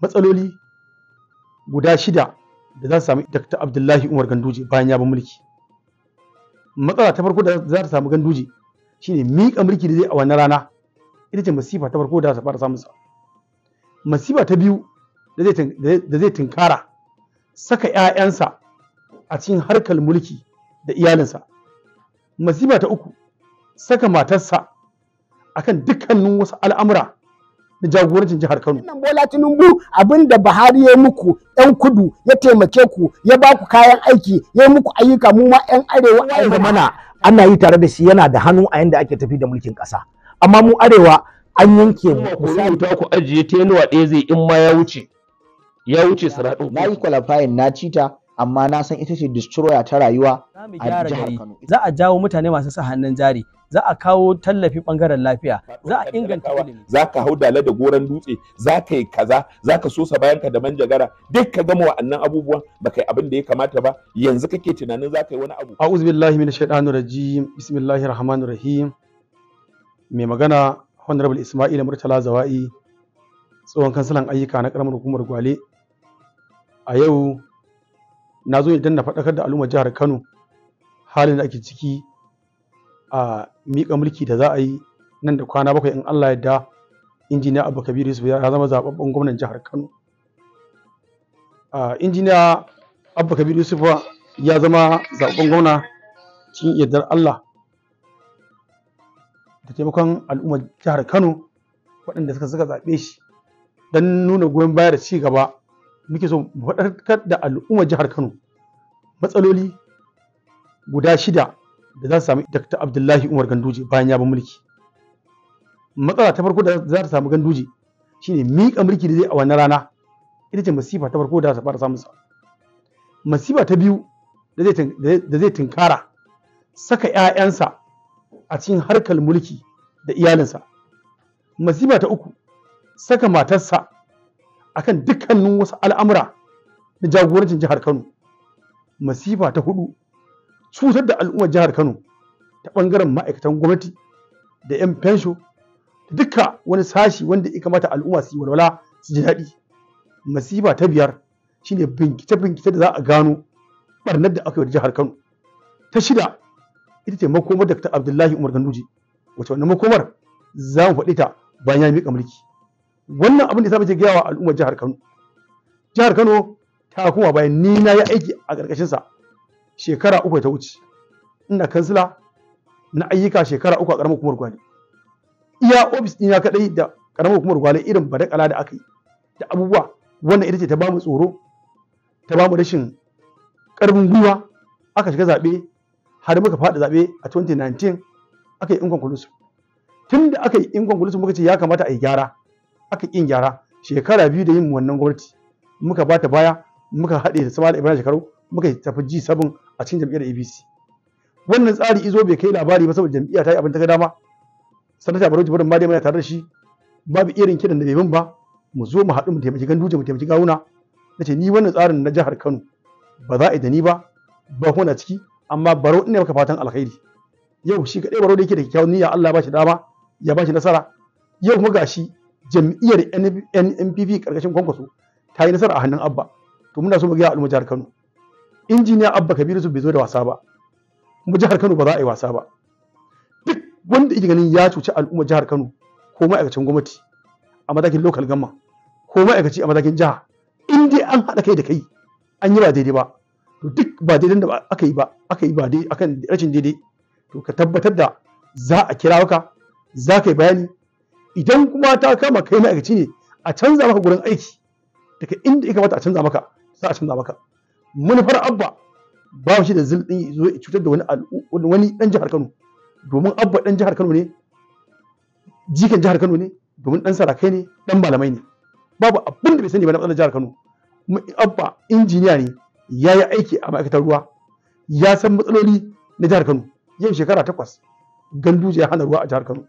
matsaloli guda shida da za su sami Dr. Abdullahi Umar Ganduje bayan ya bi mulki. Matsala ta farko da za ta samu Ganduje shine miƙa mulki da zai a wannan rana ita ce masifa ta farko da za ta fara sa. Masifa ta biyu da zai tunkara saka 'ya'yansa a cikin harkar mulki da iyalinsa. Masifa ta uku saka matarsa akan dukkanin wasu al'amura da jagorancin jihar Kano. Wannan Bola Tinubu abin Buhari ya muku yan kudu ya taimake ku ya ba ku kayan aiki ya muku ayyuka mu ma yan arewa a yanzu mana ana yi tare da shi yana da hannu a yanda ake tafi da mulkin ƙasa. Amma mu arewa an yanke mu. Ku ta ku ajiye ta yanuwa ɗaya zai in ma ya wuce. Ya wuce Na yi kwalafayin na cita amma na san ita ce destroyer ta rayuwa za a jawo mutane masu sa hannun jari za a kawo tallafi bangaren lafiya za a inganta ilimi za ka hau dala da goran dutse za ka yi kaza za ka sosa bayan ka da manjagara duk ka gama wa'annan abubuwan ba kai abin da ya kamata ba yanzu kake tunanin za ka yi wani abu a'udhu billahi minash shaitanir rajim bismillahir rahmanir rahim mai magana honorable isma'il murtala zawa'i tsohon kansalan ayyuka na karamar hukumar gwale a yau na zo idan na faɗakar da al'ummar jihar kano halin da ake ciki a miƙa mulki da za a yi nan da kwana bakwai in Allah yadda injiniya abu kabiru yusuf ya zama zababben gwamnan jihar kano injiniya abu kabiru yusuf ya zama zababben gwamna cikin yardar Allah da taimakon al'ummar jihar kano waɗanda suka suka zaɓe shi don nuna goyon baya da ci gaba muke so mu faɗarkar da al'ummar jihar kano matsaloli guda shida da za su sami Dr. Abdullahi Umar Ganduje bayan ya bi mulki. Matsala ta farko da za ta samu Ganduje shine miƙa mulki da zai a wannan rana ita ce masifa ta farko da za ta fara sa. Masifa ta biyu da zai tunkara saka 'ya'yansa a cikin harkar mulki da iyalinsa. Masifa ta uku saka matarsa akan dukkanin wasu al'amura na jagorancin jihar Kano. Masifa ta huɗu. cutar da al'ummar jihar Kano ta ɓangaren ma'aikatan gwamnati da 'yan fensho da duka wani sashi wanda ya kamata al'umma su yi walwala su ji daɗi. Masifa ta biyar shine bincike-bincike da za a gano barnar da aka yi jihar Kano. Ta shida ita ce makomar Dr. Abdullahi Umar Ganduje wacce wannan makomar za mu faɗi ta bayan ya miƙa mulki. Wannan abin da ya samu gaya wa al'ummar jihar Kano. Jihar Kano ta koma bayan ni na yi aiki a ƙarƙashinsa. sa. shekara uku ta wuce ina kansila na ayyuka shekara uku a ƙaramar hukumar gwale iya ofis ya kaɗai da ƙaramar hukumar gwale irin badakala da aka yi da abubuwa wannan ita ce ta bamu tsoro ta bamu rashin ƙarfin gwiwa aka shiga zaɓe har muka faɗi zaɓe a 2019 aka yi inkon kulusu tun da aka yi inkon kulusu muka ce ya kamata a yi gyara aka ƙin gyara shekara biyu da yin wannan gwamnati muka ba ta baya muka haɗe da samala ibrahim shekaru muka tafi ji sabon a cikin jam'iyyar APC wannan tsari izo bai kai labari ba saboda jam'iyya ta yi abin ta ga dama sanata Barau Jibrin ma dai muna tare da shi babu irin kiran da bai min ba mu zo mu haɗu mu taimaki ganduje mu taimaki gawuna nace ni wannan tsarin na jihar Kano ba za a yi da ni ba ba kuna ciki amma Barau ina maka fatan alkhairi yau shi kaɗai Barau da yake da kyakkyawan niyya Allah ba shi dama ya ba nasara yau kuma gashi jam'iyyar NPP karkashin kwankwaso ta yi nasara a hannun Abba to muna so mu ga al'umma jihar Kano injiniya abba kabiru bai zo da wasa ba mu jihar kano ba za a yi wasa ba duk wanda yake ganin ya cuci al'umma jihar kano ko ma'aikacin gwamnati a matakin local gamma ko ma'aikaci a matakin jiha in dai an haɗa kai da kai an yi ba daidai ba to duk ba daidai da aka yi ba aka yi ba daidai akan rashin daidai to ka tabbatar da za a kira ka za ka yi bayani idan kuma ta kama kai ma'aikaci ne a canza maka gurin aiki daga inda ya kamata a canza maka za a canza maka manufar abba ba shi da zulɗin zo ya cutar da wani wani jihar Kano domin abba dan jihar Kano ne jikan jihar Kano ne domin dan sarakai ne dan malamai ne babu abin da bai sani ba na matsalar jihar Kano abba injiniya ne ya yi aiki a ma'aikatar ruwa ya san matsaloli na jihar Kano yau shekara takwas ganduje ya hana ruwa a jihar Kano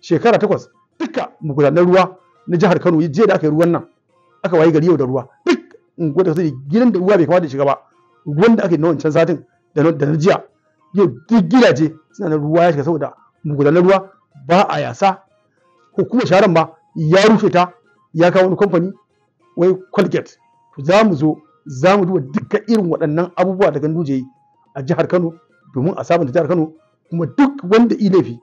shekara takwas duka magudanar ruwa na jihar Kano jiya da aka yi ruwan nan aka wayi gari yau da ruwa unguwar da sani gidan da uwa bai kamata shiga ba da ake na wancan satin da na jiya yau duk gidaje suna na ruwa ya shiga saboda magudanar ruwa ba a yasa ko kuma sharan ba ya rufe ta ya kawo wani kamfani wai colgate za mu zo za mu duba duka irin waɗannan abubuwa da gandu je a jihar kano domin a sabunta jihar kano kuma duk wanda i laifi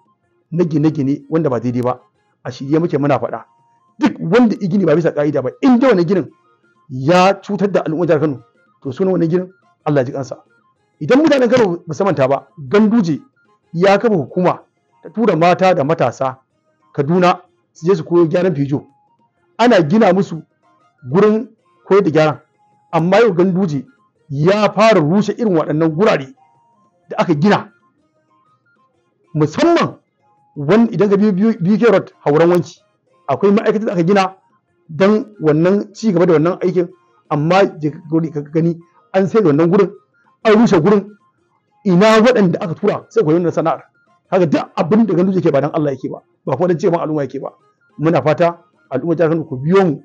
na gine-gine wanda ba daidai ba a shirye muke muna faɗa duk wanda igini ba bisa ka'ida ba in da na ginin ya cutar da al'ummar jihar Kano to sunan wannan gidan Allah ji kansa idan mutanen Kano ba su manta ba ganduje ya kafa hukuma ta tura mata da matasa Kaduna su je su koyo gyaran fijo ana gina musu gurin koyar da gyaran amma yau ganduje ya fara rushe irin waɗannan gurare da aka gina musamman wani idan ka biyo biyo road hauren wanki akwai ma'aikatan da aka gina don wannan ci gaba da wannan aikin amma ka gani an sai da wannan gurin an rushe gurin ina waɗanda aka tura sai koyi wannan sana'ar haka duk abin da ganin ke ba dan Allah yake ba ba ko dan ce ma al'umma yake ba muna fata al'umma Kano ku biyo mu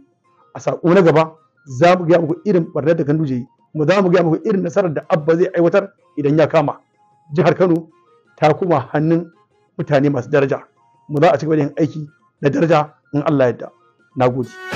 a sako na gaba za mu ga muku irin barnar da ganduje yi mu za mu ga muku irin nasarar da abba zai aiwatar idan ya kama jihar Kano ta kuma hannun mutane masu daraja mu za a ci gaba da yin aiki na daraja in Allah ya yarda nagode